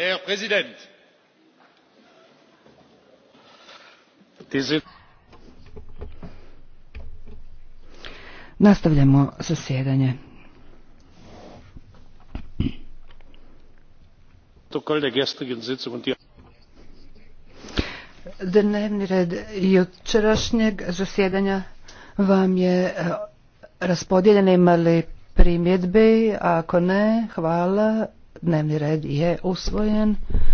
herr präsident! nastavljamo zasjedanje. dnevni red jučerašnjeg zasjedanja vam je e, raspodijeljen ima li primjedbi ako ne hvala Dnevni red je usvojen.